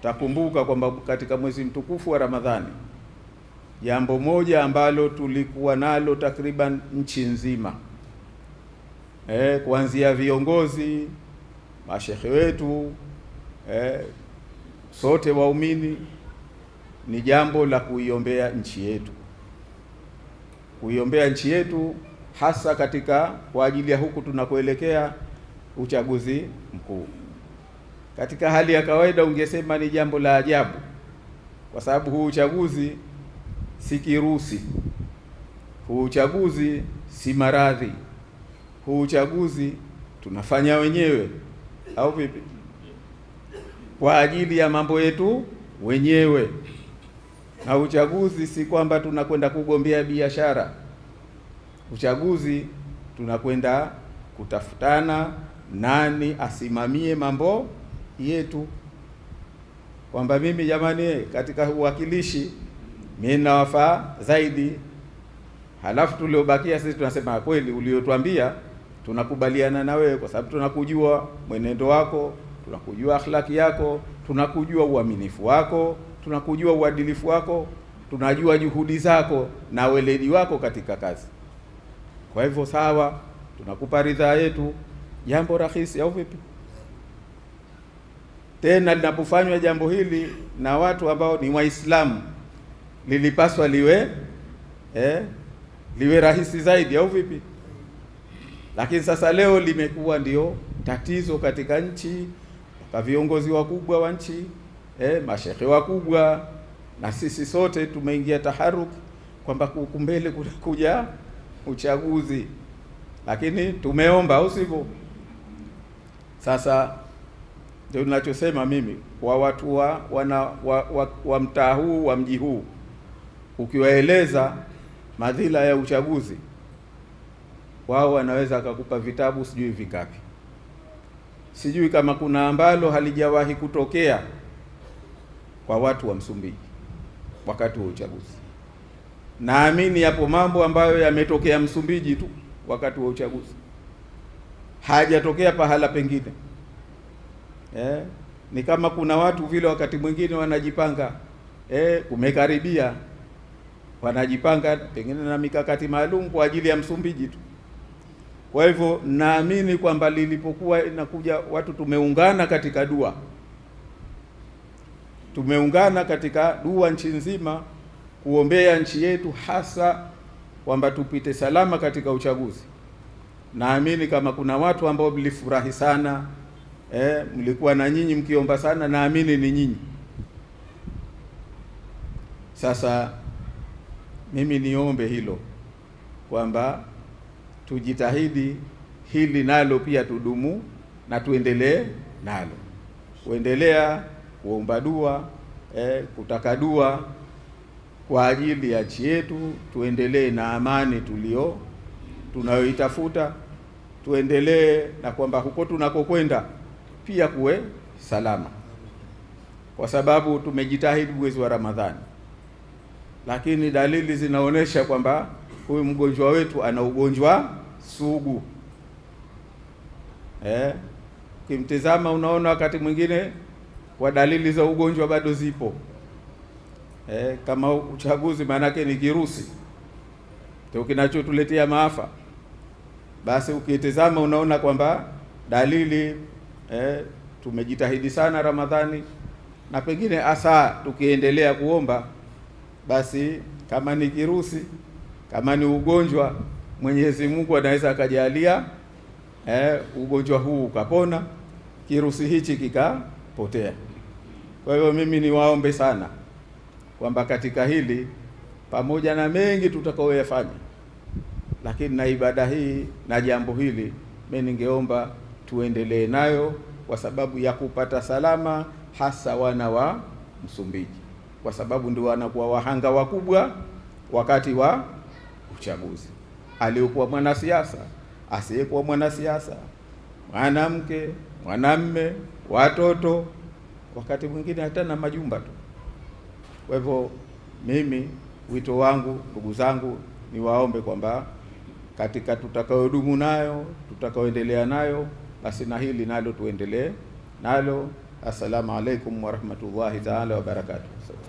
Mtakumbuka kwamba katika mwezi mtukufu wa Ramadhani jambo moja ambalo tulikuwa nalo takriban nchi nzima eh, kuanzia viongozi mashehe wetu eh, sote waumini, ni jambo la kuiombea nchi yetu, kuiombea nchi yetu hasa katika kwa ajili ya huku tunakoelekea uchaguzi mkuu katika hali ya kawaida ungesema ni jambo la ajabu, kwa sababu huu uchaguzi si kirusi, huu uchaguzi si maradhi, huu uchaguzi tunafanya wenyewe, au vipi? Kwa ajili ya mambo yetu wenyewe. Na uchaguzi si kwamba tunakwenda kugombea biashara, uchaguzi tunakwenda kutafutana nani asimamie mambo yetu kwamba mimi jamani, katika uwakilishi mimi nawafaa zaidi. Halafu tuliobakia sisi tunasema kweli, uliotwambia tunakubaliana na wewe, kwa sababu tunakujua mwenendo wako, tunakujua akhlaki yako, tunakujua uaminifu wako, tunakujua uadilifu wako, tunajua juhudi zako na weledi wako katika kazi. Kwa hivyo sawa, tunakupa ridhaa yetu. Jambo rahisi au vipi? Tena linapofanywa jambo hili na watu ambao ni Waislamu lilipaswa liwe eh, liwe rahisi zaidi au vipi? Lakini sasa leo limekuwa ndio tatizo katika nchi, kwa viongozi wakubwa wa nchi eh, mashehe wakubwa, na sisi sote tumeingia taharuk kwamba kukumbele kunakuja uchaguzi, lakini tumeomba au sivyo? Sasa ndio ninachosema mimi kwa watu wa, wana, wa, wa, wa mtaa huu wa mji huu, ukiwaeleza madhila ya uchaguzi, wao wanaweza akakupa vitabu sijui vingapi, sijui kama kuna ambalo halijawahi kutokea kwa watu wa Msumbiji wakati wa uchaguzi. Naamini yapo mambo ambayo yametokea Msumbiji tu wakati wa uchaguzi, hajatokea pahala pengine eh, ni kama kuna watu vile wakati mwingine wanajipanga eh, kumekaribia wanajipanga pengine na mikakati maalum kwa ajili ya Msumbiji tu. Kwa hivyo naamini kwamba lilipokuwa inakuja watu tumeungana katika dua, tumeungana katika dua nchi nzima kuombea nchi yetu, hasa kwamba tupite salama katika uchaguzi. Naamini kama kuna watu ambao mlifurahi sana eh, mlikuwa na nyinyi mkiomba sana, naamini ni nyinyi. Sasa mimi niombe hilo kwamba tujitahidi hili nalo pia tudumu na tuendelee nalo, kuendelea kuomba dua eh, kutaka dua kwa ajili ya nchi yetu, tuendelee na amani tulio tunayoitafuta, tuendelee na kwamba huko tunakokwenda pia kuwe salama, kwa sababu tumejitahidi mwezi wa Ramadhani, lakini dalili zinaonyesha kwamba huyu mgonjwa wetu ana ugonjwa sugu eh. Ukimtizama unaona wakati mwingine kwa dalili za ugonjwa bado zipo eh, kama uchaguzi, maanake ni kirusi ndio kinachotuletea maafa. Basi ukitizama unaona kwamba dalili eh, tumejitahidi sana Ramadhani, na pengine hasa tukiendelea kuomba basi, kama ni kirusi, kama ni ugonjwa, Mwenyezi Mungu anaweza akajalia eh, ugonjwa huu ukapona, kirusi hichi kikapotea. Kwa hivyo mimi niwaombe sana kwamba katika hili pamoja na mengi tutakaoyafanya, lakini na ibada hii na jambo hili, mimi ningeomba tuendelee nayo kwa sababu ya kupata salama, hasa wana wa Msumbiji, kwa sababu ndio wanakuwa wahanga wakubwa wakati wa uchaguzi. Aliyekuwa mwanasiasa, asiyekuwa mwanasiasa, mwanamke, mwanamme, watoto, wakati mwingine hata na majumba tu. Kwa hivyo, mimi wito wangu, ndugu zangu, niwaombe kwamba katika tutakayodumu nayo tutakayoendelea nayo basi na hili nalo tuendelee nalo. Assalamu alaikum warahmatullahi taala wabarakatuh.